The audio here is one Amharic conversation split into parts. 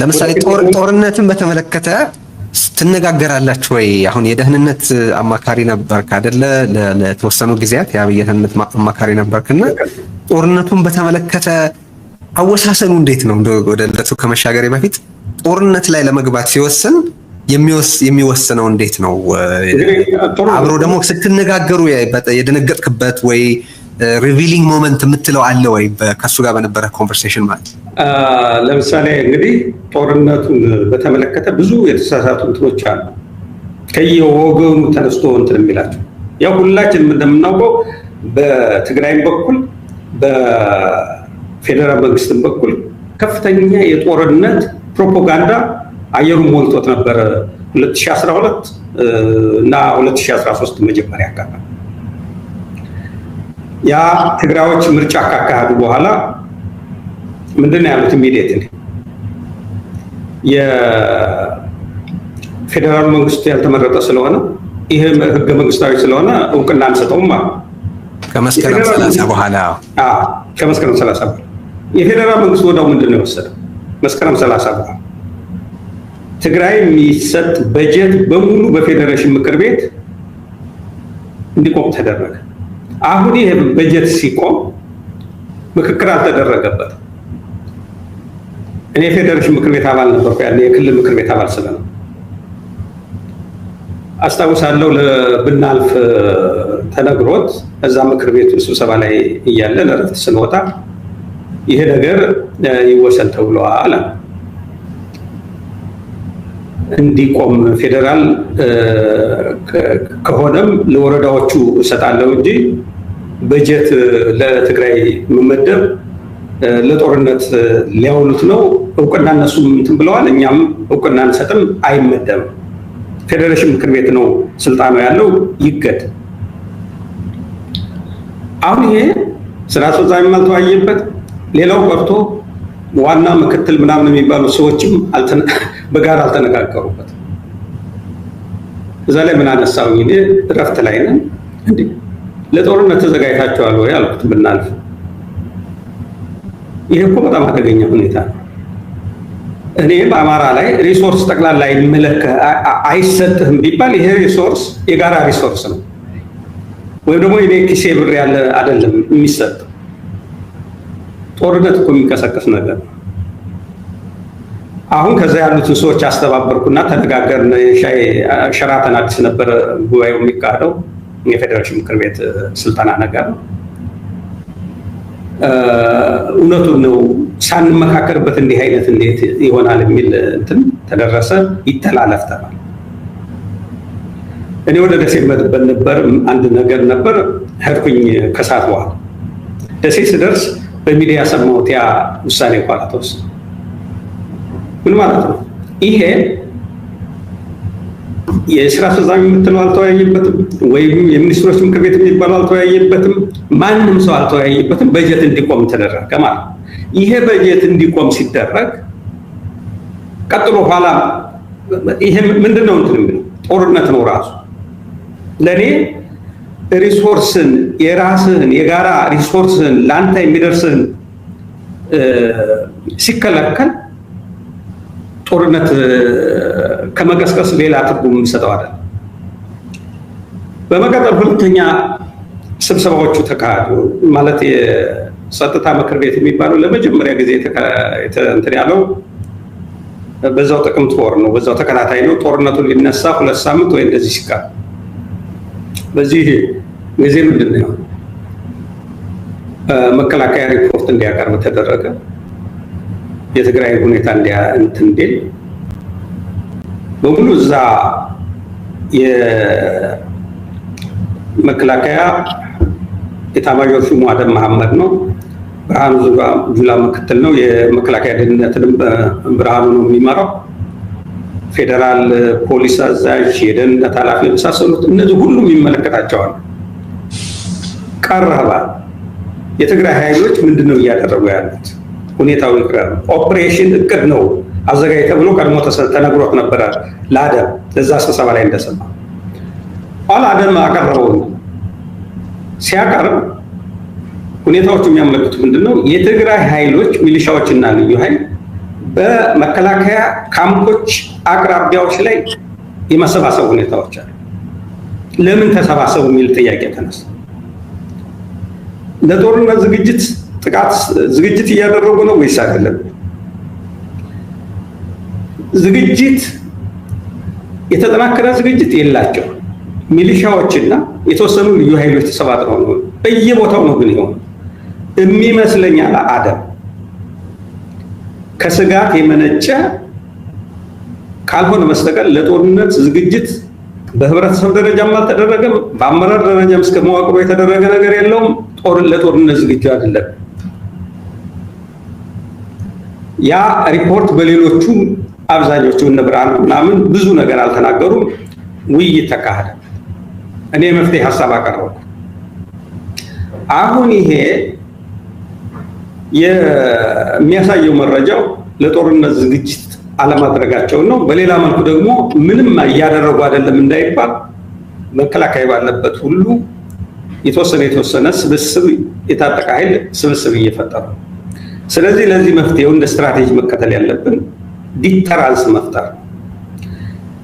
ለምሳሌ ጦርነትን በተመለከተ ትነጋገራላችሁ ወይ? አሁን የደህንነት አማካሪ ነበርክ አደለ? ለተወሰኑ ጊዜያት የአብይ ደህንነት አማካሪ ነበርክና ጦርነቱን በተመለከተ አወሳሰኑ እንዴት ነው? ወደ ዕለቱ ከመሻገሬ በፊት ጦርነት ላይ ለመግባት ሲወስን የሚወስነው እንዴት ነው? አብሮ ደግሞ ስትነጋገሩ የደነገጥክበት ወይ ሪቪሊንግ ሞመንት የምትለው አለ ወይ? ከሱ ጋር በነበረ ኮንቨርሴሽን ማለት ለምሳሌ እንግዲህ ጦርነቱን በተመለከተ ብዙ የተሳሳቱ እንትኖች አሉ። ከየወገኑ ተነስቶ እንትን የሚላቸው ያው ሁላችንም እንደምናውቀው በትግራይም በኩል በፌዴራል መንግስትም በኩል ከፍተኛ የጦርነት ፕሮፓጋንዳ አየሩን ሞልቶት ነበረ 2012 እና 2013 መጀመሪያ አካባቢ ያ ትግራዮች ምርጫ ካካሄዱ በኋላ ምንድን ነው ያሉት? ኢሚዲየት የፌዴራሉ መንግስት ያልተመረጠ ስለሆነ ይሄ ህገ መንግስታዊ ስለሆነ እውቅና አንሰጠውም አሉ። ከመስከረም ሰላሳ በኋላ ከመስከረም ሰላሳ በኋላ የፌዴራል መንግስት ወዳው ምንድን ነው የወሰደው? መስከረም ሰላሳ በኋላ ትግራይ የሚሰጥ በጀት በሙሉ በፌዴሬሽን ምክር ቤት እንዲቆም ተደረገ። አሁን ይሄ በጀት ሲቆም ምክክር አልተደረገበትም። እኔ የፌዴሬሽን ምክር ቤት አባል ነበርኩ፣ ያለ የክልል ምክር ቤት አባል ስለ ነው አስታውሳለሁ። ብናልፍ ተነግሮት እዛ ምክር ቤቱ ስብሰባ ላይ እያለ ለረፍት ስንወጣ ይሄ ነገር ይወሰን ተብሎ አለ እንዲቆም ፌዴራል ከሆነም ለወረዳዎቹ እሰጣለሁ እንጂ በጀት ለትግራይ መመደብ ለጦርነት ሊያውሉት ነው። እውቅና እነሱም እንትን ብለዋል፣ እኛም እውቅና እንሰጥም። አይመደብም። ፌዴሬሽን ምክር ቤት ነው ስልጣኑ ያለው፣ ይገድ። አሁን ይሄ ስራ አስፈጻሚ አልተወያየበት፣ ሌላው ቀርቶ ዋና ምክትል ምናምን የሚባሉ ሰዎችም በጋራ አልተነጋገሩበትም። እዛ ላይ ምን አነሳሁኝ እኔ እረፍት ላይ ነን። እንደ ለጦርነት ተዘጋጅታችኋል ወይ አልኩት። ብናልፍ ይሄ እኮ በጣም አደገኛ ሁኔታ ነው። እኔ በአማራ ላይ ሪሶርስ ጠቅላላ ይመለከ አይሰጥህም ቢባል ይሄ ሪሶርስ የጋራ ሪሶርስ ነው፣ ወይም ደግሞ እኔ ኪሴ ብር ያለ አይደለም የሚሰጥ ጦርነት እኮ የሚቀሰቀስ ነገር ነው። አሁን ከዛ ያሉትን ሰዎች አስተባበርኩና ተነጋገርን። ሸራተን አዲስ ነበር ጉባኤው የሚካሄደው የፌዴሬሽን ምክር ቤት ስልጠና ነገር ነው። እውነቱን ነው ሳንመካከርበት እንዲህ አይነት እንዴት ይሆናል የሚል እንትን ተደረሰ። ይተላለፍ እኔ ወደ ደሴ መጥበል ነበር አንድ ነገር ነበር ሄድኩኝ። ከሰዓት በኋላ ደሴ ስደርስ በሚዲያ ሰማሁት። ያ ውሳኔ ኋላ ተወሰነ። ምን ማለት ነው ይሄ? የስራ አስፈጻሚ የምትለው አልተወያየበትም፣ ወይም የሚኒስትሮች ምክር ቤት የሚባለው አልተወያየበትም፣ ማንም ሰው አልተወያየበትም። በጀት እንዲቆም ተደረገ ማለት ነው። ይሄ በጀት እንዲቆም ሲደረግ ቀጥሎ ኋላ ይሄ ምንድን ነው እንትን የሚለው ጦርነት ነው ራሱ ለእኔ ሪሶርስን የራስህን የጋራ ሪሶርስህን ለአንተ የሚደርስህን ሲከለከል ጦርነት ከመቀስቀስ ሌላ ትርጉም የሚሰጠው አለ። በመቀጠል ሁለተኛ ስብሰባዎቹ ተካሄዱ። ማለት የጸጥታ ምክር ቤት የሚባለው ለመጀመሪያ ጊዜ እንትን ያለው በዛው ጥቅምት ወር ነው። በዛው ተከታታይ ነው። ጦርነቱ ሊነሳ ሁለት ሳምንት ወይ እንደዚህ ሲቀር በዚህ ጊዜ ምንድን ነው መከላከያ ሪፖርት እንዲያቀርብ ተደረገ። የትግራይ ሁኔታ እንዲል በሙሉ እዛ የመከላከያ የታማዦር ሹሙ አደም መሐመድ ነው። ብርሃኑ ጁላ ምክትል ነው። የመከላከያ ደህንነትንም ብርሃኑ ነው የሚመራው። ፌዴራል ፖሊስ አዛዥ፣ የደህንነት ኃላፊ የመሳሰሉት እነዚህ ሁሉም ይመለከታቸዋል። ቀረባ። የትግራይ ኃይሎች ምንድን ነው እያደረጉ ያሉት? ሁኔታው ይቅረብ። ኦፕሬሽን እቅድ ነው አዘጋጅ ተብሎ ቀድሞ ተነግሮት ነበረ ለአደም። ለዛ ስብሰባ ላይ እንደሰማ ኋላ አደም አቀረበው። ሲያቀርብ ሁኔታዎቹ የሚያመለክቱ ምንድን ነው የትግራይ ኃይሎች ሚሊሻዎችና ልዩ ኃይል በመከላከያ ካምፖች አቅራቢያዎች ላይ የመሰባሰብ ሁኔታዎች አሉ። ለምን ተሰባሰቡ የሚል ጥያቄ ተነሳ። ለጦርነት ዝግጅት ጥቃት ዝግጅት እያደረጉ ነው ወይስ አይደለም? ዝግጅት የተጠናከረ ዝግጅት የላቸው ሚሊሻዎችና የተወሰኑ ልዩ ኃይሎች ተሰባጥረው ነው። በየቦታው ነው ግን ይሆን የሚመስለኛ አደም ከስጋት የመነጨ ካልሆነ መስተቀል ለጦርነት ዝግጅት በህብረተሰብ ደረጃም አልተደረገም። በአመራር ደረጃም እስከ መዋቅሮ የተደረገ ነገር የለውም። ለጦርነት ዝግጁ አይደለም። ያ ሪፖርት በሌሎቹ አብዛኞቹ እነ ብርሃኑ ምናምን ብዙ ነገር አልተናገሩም። ውይይት ተካሄደ። እኔ መፍትሄ ሀሳብ አቀረብኩ። አሁን ይሄ የሚያሳየው መረጃው ለጦርነት ዝግጅት አለማድረጋቸውን ነው። በሌላ መልኩ ደግሞ ምንም እያደረጉ አይደለም እንዳይባል መከላከያ ባለበት ሁሉ የተወሰነ የተወሰነ ስብስብ የታጠቀ ኃይል ስብስብ እየፈጠሩ ስለዚህ ለዚህ መፍትሄው እንደ ስትራቴጂ መከተል ያለብን ዲተራንስ መፍጠር።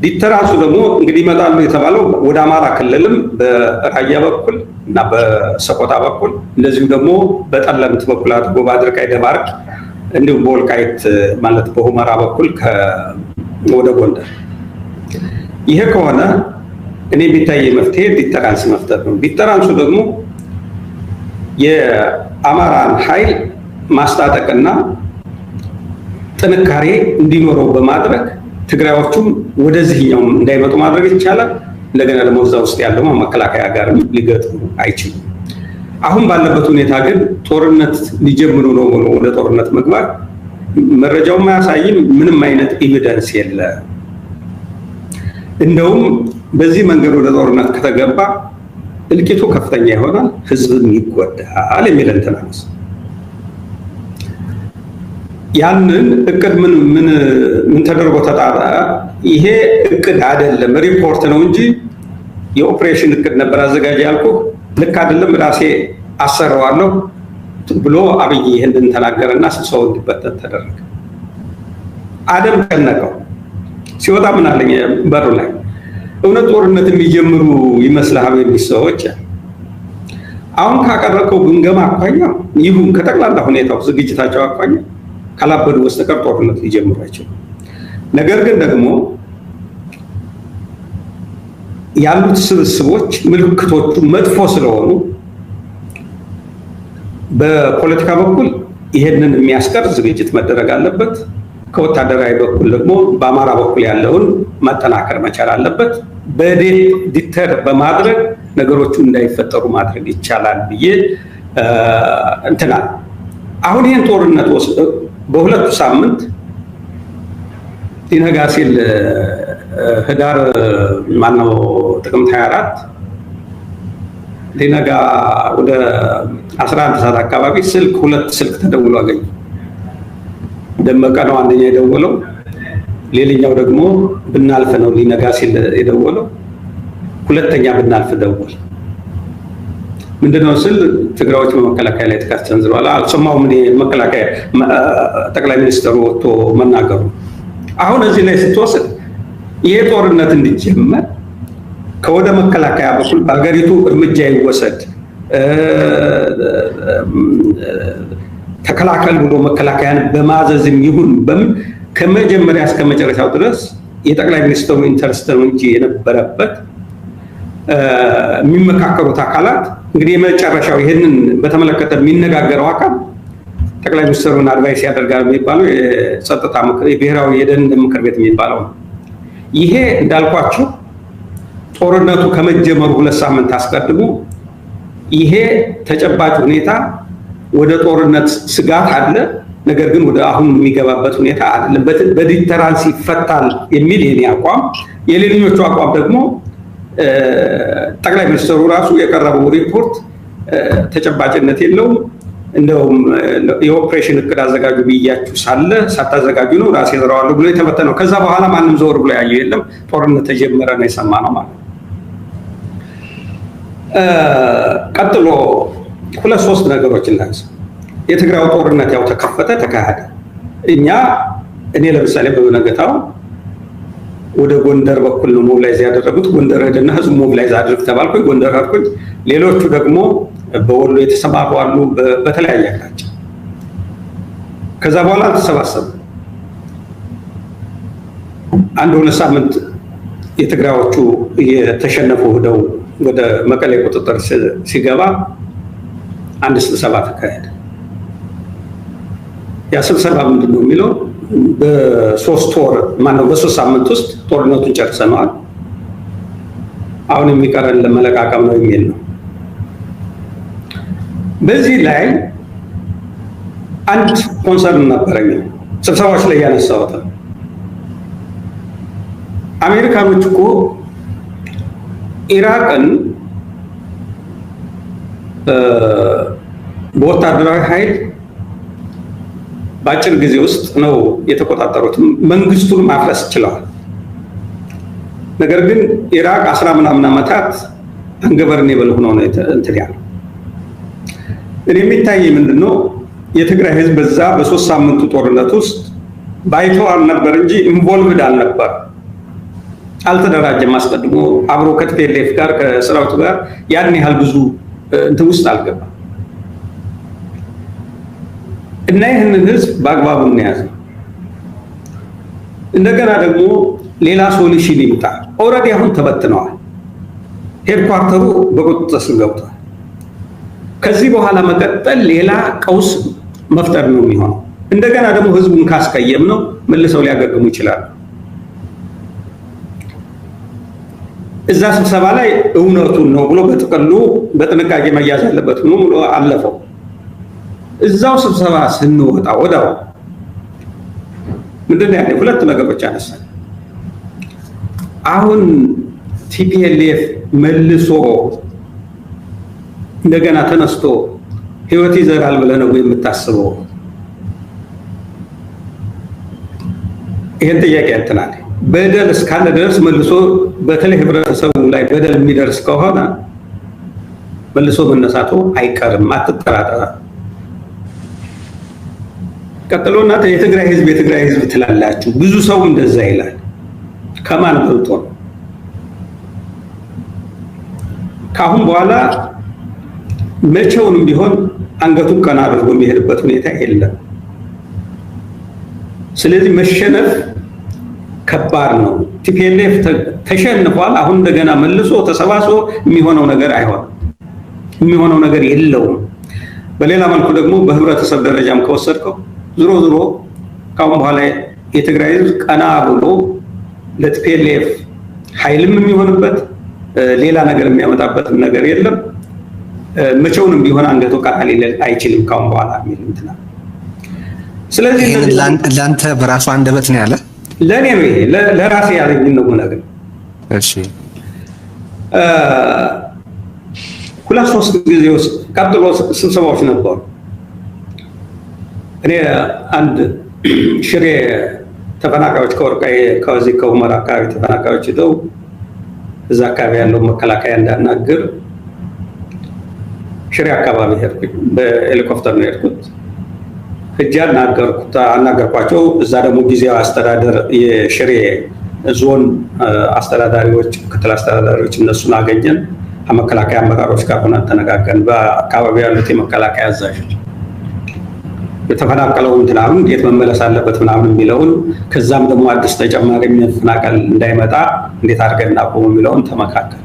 ዲተራንሱ ደግሞ እንግዲህ ይመጣሉ የተባለው ወደ አማራ ክልልም በራያ በኩል እና በሰቆጣ በኩል እንደዚሁም ደግሞ በጠለምት በኩል አድርጎ በአድርቃይ ደባርቅ እንዲሁም በወልቃይት ማለት በሁመራ በኩል ወደ ጎንደር ይሄ ከሆነ እኔ የሚታየ መፍትሄ ዲተራንስ መፍጠር ነው። ዲተራንሱ ደግሞ የአማራን ኃይል ማስታጠቅና ጥንካሬ እንዲኖረው በማድረግ ትግራዮቹም ወደዚህኛውም እንዳይመጡ ማድረግ ይቻላል። እንደገና ደግሞ እዛ ውስጥ ያለው መከላከያ ጋር ሊገጥሙ አይችሉም። አሁን ባለበት ሁኔታ ግን ጦርነት ሊጀምሩ ነው ብሎ ወደ ጦርነት መግባት መረጃውም አያሳይም። ምንም አይነት ኤቪደንስ የለ። እንደውም በዚህ መንገድ ወደ ጦርነት ከተገባ እልቂቱ ከፍተኛ ይሆናል፣ ህዝብም ይጎዳል የሚል እንትን አነሳ። ያንን እቅድ ምን ምን ምን ተደርጎ ተጣራ? ይሄ እቅድ አይደለም ሪፖርት ነው እንጂ የኦፕሬሽን እቅድ ነበር አዘጋጅ ያልኩ ልክ አይደለም፣ ራሴ አሰረዋለሁ ብሎ አብይ ይህንን ተናገረና ስብሰው እንዲበተን ተደረገ። አደም ቀነቀው ሲወጣ ምን አለኝ በሩ ላይ እውነት ጦርነት የሚጀምሩ ይመስልሃል የሚል ሰዎች አሁን ካቀረብከው ግምገማ አኳያ ይሁን ከጠቅላላ ሁኔታው ዝግጅታቸው አኳያ ካላበዱ በስተቀር ጦርነት ሊጀምሩ አይችሉም። ነገር ግን ደግሞ ያሉት ስብስቦች ምልክቶቹ መጥፎ ስለሆኑ በፖለቲካ በኩል ይሄንን የሚያስቀር ዝግጅት መደረግ አለበት። ከወታደራዊ በኩል ደግሞ በአማራ በኩል ያለውን መጠናከር መቻል አለበት። በዴት ዲተር በማድረግ ነገሮቹ እንዳይፈጠሩ ማድረግ ይቻላል ብዬ እንትናል። አሁን ይህን ጦርነት ወስደ በሁለቱ ሳምንት ይነጋ ሲል ህዳር ማነው ጥቅምት 24 ሊነጋ ወደ 11 ሰዓት አካባቢ ስልክ ሁለት ስልክ ተደውሎ አገኘ ደመቀ ነው አንደኛ የደወለው። ሌላኛው ደግሞ ብናልፍ ነው ሊነጋ ሲል የደወለው። ሁለተኛ ብናልፍ ደወል ምንድነው ስል ትግራዮች በመከላከያ ላይ ጥቃት ሰንዝረዋል። አልሰማሁም እኔ መከላከያ ጠቅላይ ሚኒስትሩ ወጥቶ መናገሩ። አሁን እዚህ ላይ ስትወስድ ይሄ ጦርነት እንዲጀመር ከወደ መከላከያ በኩል በሀገሪቱ እርምጃ ይወሰድ ተከላከል ብሎ መከላከያን በማዘዝም ይሁን በምን ከመጀመሪያ እስከ መጨረሻው ድረስ የጠቅላይ ሚኒስትሩ ነው እንጂ የነበረበት የሚመካከሩት አካላት እንግዲህ የመጨረሻው ይህንን በተመለከተ የሚነጋገረው አካል ጠቅላይ ሚኒስትሩን አድቫይስ ያደርጋል የሚባለው የጸጥታ የብሔራዊ የደህንነት ምክር ቤት የሚባለው ነው። ይሄ እንዳልኳችሁ ጦርነቱ ከመጀመሩ ሁለት ሳምንት አስቀድሞ ይሄ ተጨባጭ ሁኔታ ወደ ጦርነት ስጋት አለ። ነገር ግን ወደ አሁን የሚገባበት ሁኔታ አይደለም። በዲተራንስ ይፈታል የሚል የኔ አቋም፣ የሌሎቹ አቋም ደግሞ ጠቅላይ ሚኒስትሩ ራሱ የቀረበው ሪፖርት ተጨባጭነት የለውም። እንደውም የኦፕሬሽን እቅድ አዘጋጁ ብያችሁ ሳለ ሳታዘጋጁ ነው ራሴ እዘራዋለሁ ብሎ ነው። ከዛ በኋላ ማንም ዘወር ብሎ ያየው የለም። ጦርነት ተጀመረ ነው የሰማነው ማለት ቀጥሎ ሁለት ሶስት ነገሮች እናንስ። የትግራው ጦርነት ያው ተከፈተ፣ ተካሄደ። እኛ እኔ ለምሳሌ በነገታው ወደ ጎንደር በኩል ነው ሞብላይዝ ያደረጉት። ጎንደር ሄድና ህዝቡ ሞብላይዝ አድርግ ተባልኩኝ። ጎንደር አድርኩኝ። ሌሎቹ ደግሞ በወሎ የተሰማሩ አሉ፣ በተለያየ አቅጣጫ። ከዛ በኋላ አልተሰባሰቡ። አንድ ሁለት ሳምንት የትግራዮቹ እየተሸነፉ ሄደው ወደ መቀሌ ቁጥጥር ሲገባ አንድ ስብሰባ ተካሄደ። ያ ስብሰባ ምንድን ነው የሚለው በሶስት ወር ማነው በሶስት ሳምንት ውስጥ ጦርነቱን ጨርሰነዋል፣ አሁን የሚቀረን ለመለቃቀም ነው የሚል ነው። በዚህ ላይ አንድ ኮንሰርን ነበረኝ ስብሰባዎች ላይ ያነሳሁት አሜሪካኖች እኮ ኢራቅን በወታደራዊ ኃይል በአጭር ጊዜ ውስጥ ነው የተቆጣጠሩት። መንግስቱን ማፍረስ ችለዋል። ነገር ግን ኢራቅ አስራ ምናምን ዓመታት አንገበርን የበል ሆኖ ነው እንትን ያለው። እኔ የሚታየ ምንድን ነው የትግራይ ህዝብ በዛ በሶስት ሳምንቱ ጦርነት ውስጥ ባይተዋል አልነበር እንጂ ኢንቮልቭድ አልነበር፣ አልተደራጀም። አስቀድሞ አብሮ ከቲፒኤልኤፍ ጋር ከሰራዊቱ ጋር ያን ያህል ብዙ እንትን ውስጥ አልገባም እና ይህንን ህዝብ በአግባቡ እንያዘ እንደገና ደግሞ ሌላ ሶሉሽን ይምጣ። ኦልሬዲ አሁን ተበትነዋል። ሄድኳርተሩ በቁጥጥር ስር ገብቷል። ከዚህ በኋላ መቀጠል ሌላ ቀውስ መፍጠር ነው የሚሆነው። እንደገና ደግሞ ህዝቡን ካስቀየም ነው መልሰው ሊያገግሙ ይችላሉ። እዛ ስብሰባ ላይ እውነቱን ነው ብሎ በጥቅሉ በጥንቃቄ መያዝ አለበት ብሎ ብሎ አለፈው። እዛው ስብሰባ ስንወጣ ወዳው ምንድን ያለ ሁለት ነገሮች አነሳ። አሁን ቲፒኤልኤፍ መልሶ እንደገና ተነስቶ ህይወት ይዘራል ብለህ ነው የምታስበው? ይህን ጥያቄ እንትናል በደል እስካለ ድረስ መልሶ በተለይ ህብረተሰቡ ላይ በደል የሚደርስ ከሆነ መልሶ መነሳቱ አይቀርም፣ አትጠራጠራ። ቀጥሎ እናንተ የትግራይ ህዝብ የትግራይ ህዝብ ትላላችሁ፣ ብዙ ሰው እንደዛ ይላል። ከማን በልጦ ነው? ከአሁን በኋላ መቼውንም ቢሆን አንገቱን ቀና አድርጎ የሚሄድበት ሁኔታ የለም። ስለዚህ መሸነፍ ከባድ ነው። ቲፒኤልኤፍ ተሸንፏል። አሁን እንደገና መልሶ ተሰባስቦ የሚሆነው ነገር አይሆንም፣ የሚሆነው ነገር የለውም። በሌላ መልኩ ደግሞ በህብረተሰብ ደረጃም ከወሰድከው ዝሮ ዝሮ ካሁን በኋላ የትግራይ ህዝብ ቀና ብሎ ለቲፒኤልኤፍ ኃይልም የሚሆንበት ሌላ ነገር የሚያመጣበትም ነገር የለም። መቼውንም ቢሆን አንገቶ ቀና ሊል አይችልም ካሁን በኋላ የሚል እንትና ስለዚህ ለአንተ በራሱ አንደበት ነው ያለ ለእኔ ነው ይሄ ለራሴ ያለኝ ነው መናገር። እሺ ሁለት ሶስት ጊዜ ውስጥ ቀጥሎ ስብሰባዎች ነበሩ። እኔ አንድ ሽሬ ተፈናቃዮች ከወርቃዬ ከዚህ ከሁመራ አካባቢ ተፈናቃዮች ሄደው እዛ አካባቢ ያለው መከላከያ እንዳናግር ሽሬ አካባቢ ሄድኩኝ። በሄሊኮፕተር ነው የሄድኩት። ህጅ አናገርኳቸው። እዛ ደግሞ ጊዜያዊ አስተዳደር የሽሬ ዞን አስተዳዳሪዎች፣ ምክትል አስተዳዳሪዎች እነሱን አገኘን። ከመከላከያ አመራሮች ጋር ሆነን ተነጋገን። በአካባቢ ያሉት የመከላከያ አዛዦች የተፈናቀለው ምናምን እንዴት መመለስ አለበት ምናምን የሚለውን ከዛም ደግሞ አዲስ ተጨማሪ መፈናቀል እንዳይመጣ እንዴት አድርገን እናቆሙ የሚለውን ተመካከል።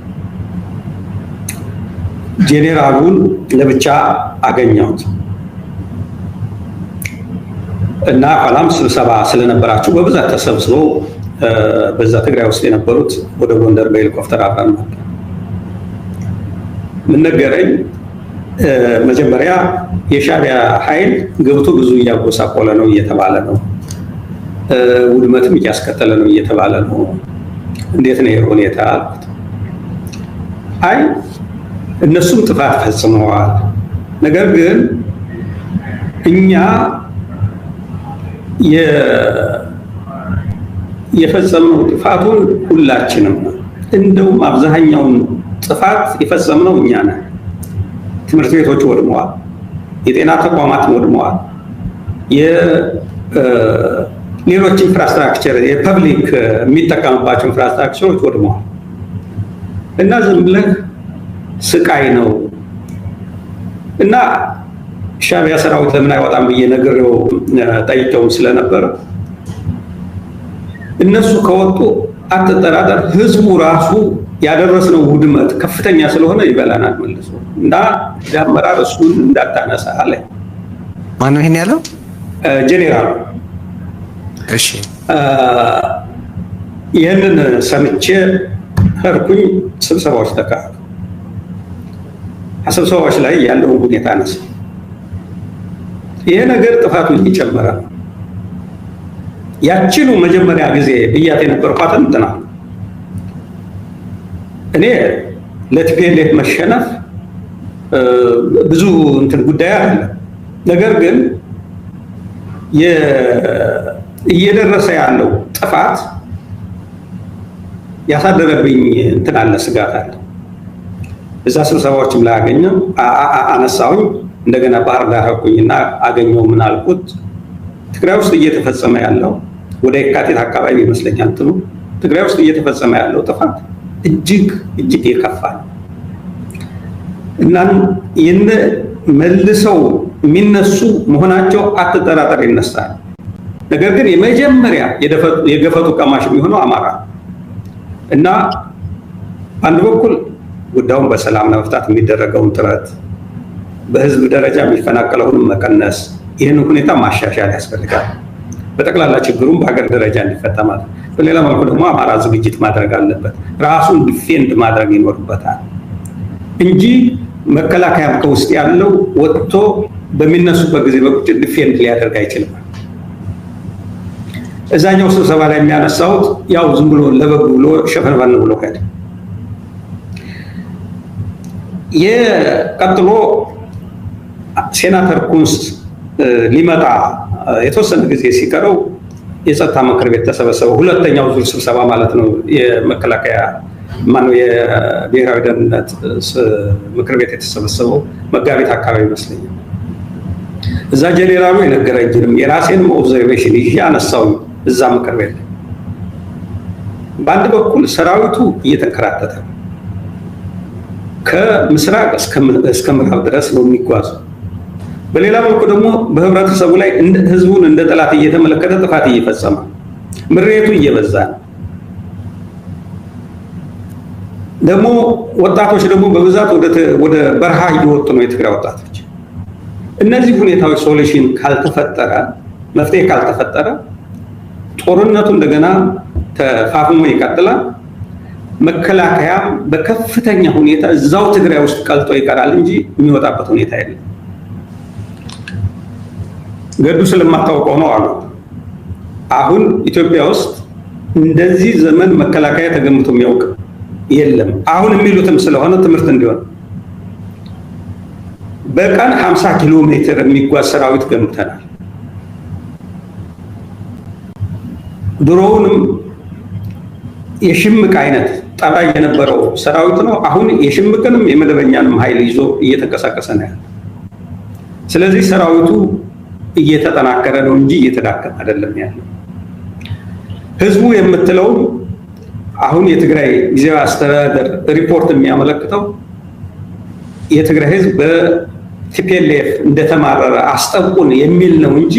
ጄኔራሉን ለብቻ አገኘሁት። እና ኋላም ስብሰባ ስለነበራችሁ በብዛት ተሰብስበው በዛ ትግራይ ውስጥ የነበሩት ወደ ጎንደር በሄሊኮፕተር አብረን ማለት ምን ነገረኝ። መጀመሪያ የሻቢያ ኃይል ገብቶ ብዙ እያጎሳቆለ ነው እየተባለ ነው፣ ውድመትም እያስከተለ ነው እየተባለ ነው። እንዴት ነው ይህ ሁኔታ አልኩት። አይ እነሱም ጥፋት ፈጽመዋል፣ ነገር ግን እኛ የፈጸምነው ጥፋቱን ሁላችንም ነው። እንደውም አብዛኛውን ጥፋት የፈጸምነው እኛ ነን። ትምህርት ቤቶች ወድመዋል። የጤና ተቋማት ወድመዋል። ሌሎች ኢንፍራስትራክቸር የፐብሊክ የሚጠቀምባቸው ኢንፍራስትራክቸሮች ወድመዋል እና ዝም ብለህ ስቃይ ነው እና ሻዕቢያ ሰራዊት ለምን አይወጣም ብዬ ነግሬው ጠይቀውም ስለነበረ እነሱ ከወጡ አትጠራጠር፣ ህዝቡ ራሱ ያደረስነው ውድመት ከፍተኛ ስለሆነ ይበላናል መልሶ እና ለአመራር እሱን እንዳታነሳ አለ። ማነው ይሄን ያለው? ጄኔራል። እሺ ይህንን ሰምቼ ሄድኩኝ። ስብሰባዎች ተካ ስብሰባዎች ላይ ያለውን ሁኔታ አነሳ። ይሄ ነገር ጥፋቱ እየጨመረ ያችኑ መጀመሪያ ጊዜ ብያት የነበርኳትን እንትና እኔ ለቲፒኤልኤፍ መሸነፍ ብዙ እንትን ጉዳይ አለ። ነገር ግን እየደረሰ ያለው ጥፋት ያሳደረብኝ እንትን አለ፣ ስጋት አለ። እዛ ስብሰባዎችም ላይ አገኘው አነሳውኝ እንደገና ባህር ዳር አገኘው። ምን አልኩት? ትግራይ ውስጥ እየተፈጸመ ያለው ወደ የካቲት አካባቢ ይመስለኛል ጥሉ ትግራይ ውስጥ እየተፈጸመ ያለው ጥፋት እጅግ እጅግ ይከፋል ነው እና መልሰው የሚነሱ መሆናቸው አትጠራጠር ይነሳል። ነገር ግን የመጀመሪያ የገፈቱ ቀማሽ የሚሆነው አማራ እና በአንድ በኩል ጉዳዩን በሰላም ለመፍታት የሚደረገውን ጥረት በህዝብ ደረጃ የሚፈናቀለውን መቀነስ፣ ይህንን ሁኔታ ማሻሻል ያስፈልጋል። በጠቅላላ ችግሩም በሀገር ደረጃ እንዲፈታ ማለት። በሌላ መልኩ ደግሞ አማራ ዝግጅት ማድረግ አለበት። ራሱን ዲፌንድ ማድረግ ይኖርበታል እንጂ መከላከያ ከውስጥ ያለው ወጥቶ በሚነሱበት ጊዜ በቁጭት ዲፌንድ ሊያደርግ አይችልም። እዛኛው ስብሰባ ላይ የሚያነሳውት ያው ዝም ብሎ ለበግ ብሎ ሸፈንፈን ብሎ ሄደ። የቀጥሎ ሴናተር ኩንስት ሊመጣ የተወሰነ ጊዜ ሲቀረው የጸጥታ ምክር ቤት ተሰበሰበ። ሁለተኛው ዙር ስብሰባ ማለት ነው። የመከላከያ ማነው የብሔራዊ ደህንነት ምክር ቤት የተሰበሰበው መጋቢት አካባቢ ይመስለኛል። እዛ ጄኔራሉ የነገረኝንም የራሴንም ኦብዘርቬሽን ይዤ አነሳውኝ እዛ ምክር ቤት ላይ በአንድ በኩል ሰራዊቱ እየተንከራተተ ከምስራቅ እስከ ምዕራብ ድረስ ነው የሚጓዙ በሌላ መልኩ ደግሞ በህብረተሰቡ ላይ ህዝቡን እንደ ጠላት እየተመለከተ ጥፋት እየፈጸመ ምሬቱ እየበዛ ደግሞ ወጣቶች ደግሞ በብዛት ወደ በረሃ እየወጡ ነው የትግራይ ወጣቶች። እነዚህ ሁኔታዎች ሶሉሽን ካልተፈጠረ መፍትሄ ካልተፈጠረ ጦርነቱ እንደገና ተፋፍሞ ይቀጥላል። መከላከያም በከፍተኛ ሁኔታ እዛው ትግራይ ውስጥ ቀልጦ ይቀራል እንጂ የሚወጣበት ሁኔታ የለም። ገዱ ስለማታውቀው ነው አሉ። አሁን ኢትዮጵያ ውስጥ እንደዚህ ዘመን መከላከያ ተገምቶ የሚያውቅ የለም። አሁን የሚሉትም ስለሆነ ትምህርት እንዲሆን በቀን 50 ኪሎ ሜትር የሚጓዝ ሰራዊት ገምተናል። ድሮውንም የሽምቅ አይነት ጠራ የነበረው ሰራዊት ነው። አሁን የሽምቅንም የመደበኛንም ኃይል ይዞ እየተንቀሳቀሰ ነው ያለ። ስለዚህ ሰራዊቱ እየተጠናከረ ነው እንጂ እየተዳከመ አይደለም ያለው። ህዝቡ የምትለው አሁን የትግራይ ጊዜያዊ አስተዳደር ሪፖርት የሚያመለክተው የትግራይ ህዝብ በቲፒኤልኤፍ እንደተማረረ አስጠብቁን የሚል ነው እንጂ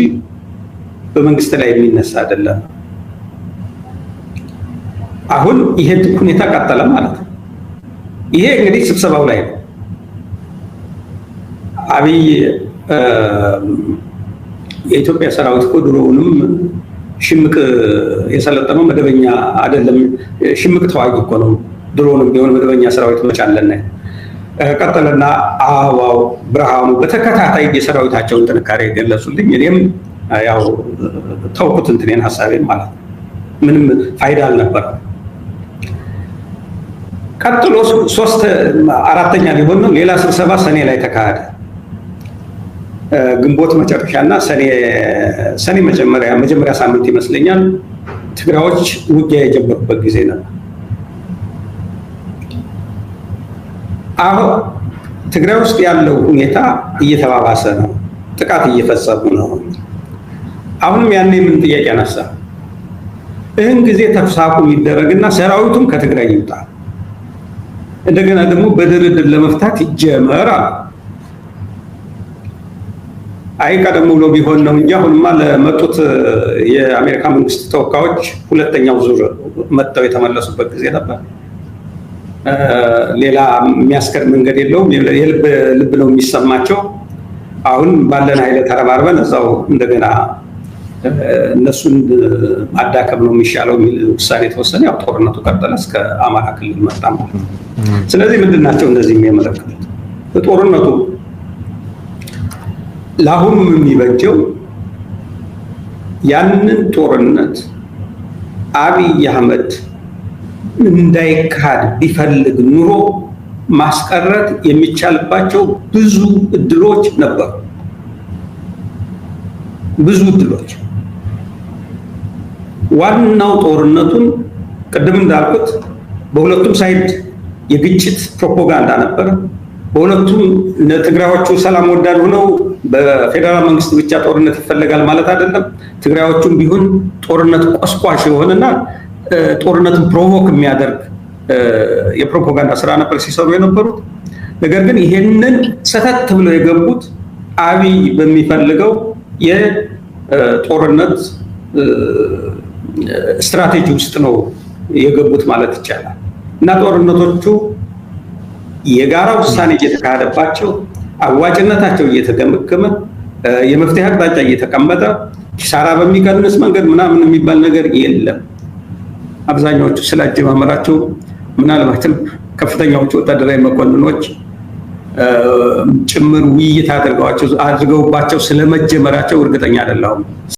በመንግስት ላይ የሚነሳ አይደለም። አሁን ይሄ ሁኔታ ቀጠለ ማለት ነው። ይሄ እንግዲህ ስብሰባው ላይ ነው አብይ የኢትዮጵያ ሰራዊት እኮ ድሮውንም ሽምቅ የሰለጠነው መደበኛ አይደለም። ሽምቅ ተዋጊ እኮ ነው። ድሮውንም ቢሆን መደበኛ ሰራዊት መቻለና ቀጠለና አበባው ብርሃኑ በተከታታይ የሰራዊታቸውን ጥንካሬ የገለጹልኝ። እኔም ያው ተውኩት እንትኔን ሀሳቤን ማለት ነው። ምንም ፋይዳ አልነበረ። ቀጥሎ ሶስት አራተኛ ሊሆን ሌላ ስብሰባ ሰኔ ላይ ተካሄደ። ግንቦት መጨረሻ እና ሰኔ መጀመሪያ መጀመሪያ ሳምንት ይመስለኛል ትግራዮች ውጊያ የጀመሩበት ጊዜ ነው። አሁን ትግራይ ውስጥ ያለው ሁኔታ እየተባባሰ ነው። ጥቃት እየፈጸሙ ነው። አሁንም ያኔ ምን ጥያቄ አነሳ? ይህን ጊዜ ተኩስ አቁም ይደረግና ሰራዊቱም ከትግራይ ይውጣል። እንደገና ደግሞ በድርድር ለመፍታት ይጀመራል። አይ ቀደም ብሎ ቢሆን ነው እንጂ አሁንማ ለመጡት የአሜሪካ መንግስት ተወካዮች ሁለተኛው ዙር መጥተው የተመለሱበት ጊዜ ነበር። ሌላ የሚያስከድ መንገድ የለውም። ልብ ነው የሚሰማቸው። አሁን ባለን ኃይለ ተረባርበን እዛው እንደገና እነሱን ማዳከም ነው የሚሻለው የሚል ውሳኔ የተወሰነ። ያው ጦርነቱ ቀጠለ እስከ አማራ ክልል መጣ ማለት ነው። ስለዚህ ምንድን ናቸው እነዚህ የሚያመለክቱት ጦርነቱ ለአሁኑም የሚበጀው ያንን ጦርነት አብይ አህመድ እንዳይካሄድ ቢፈልግ ኑሮ ማስቀረት የሚቻልባቸው ብዙ እድሎች ነበሩ። ብዙ እድሎች ዋናው ጦርነቱን ቅድም እንዳልኩት በሁለቱም ሳይድ የግጭት ፕሮፓጋንዳ ነበር። በሁለቱም ትግራዮቹ ሰላም ወዳድ ሆነው በፌዴራል መንግስት ብቻ ጦርነት ይፈለጋል ማለት አይደለም። ትግራዮቹም ቢሆን ጦርነት ቆስቋሽ የሆነና ጦርነትን ፕሮቮክ የሚያደርግ የፕሮፓጋንዳ ስራ ነበር ሲሰሩ የነበሩት። ነገር ግን ይሄንን ሰተት ብለው የገቡት አብይ በሚፈልገው የጦርነት ስትራቴጂ ውስጥ ነው የገቡት ማለት ይቻላል እና ጦርነቶቹ የጋራ ውሳኔ እየተካሄደባቸው አዋጭነታቸው እየተገመገመ የመፍትሄ አቅጣጫ እየተቀመጠ ኪሳራ በሚቀንስ መንገድ ምናምን የሚባል ነገር የለም። አብዛኛዎቹ ስለ አጀማመራቸው ምናልባትም ከፍተኛዎቹ ወታደራዊ መኮንኖች ጭምር ውይይት አድርገዋቸው አድርገውባቸው ስለመጀመራቸው እርግጠኛ አይደለሁም።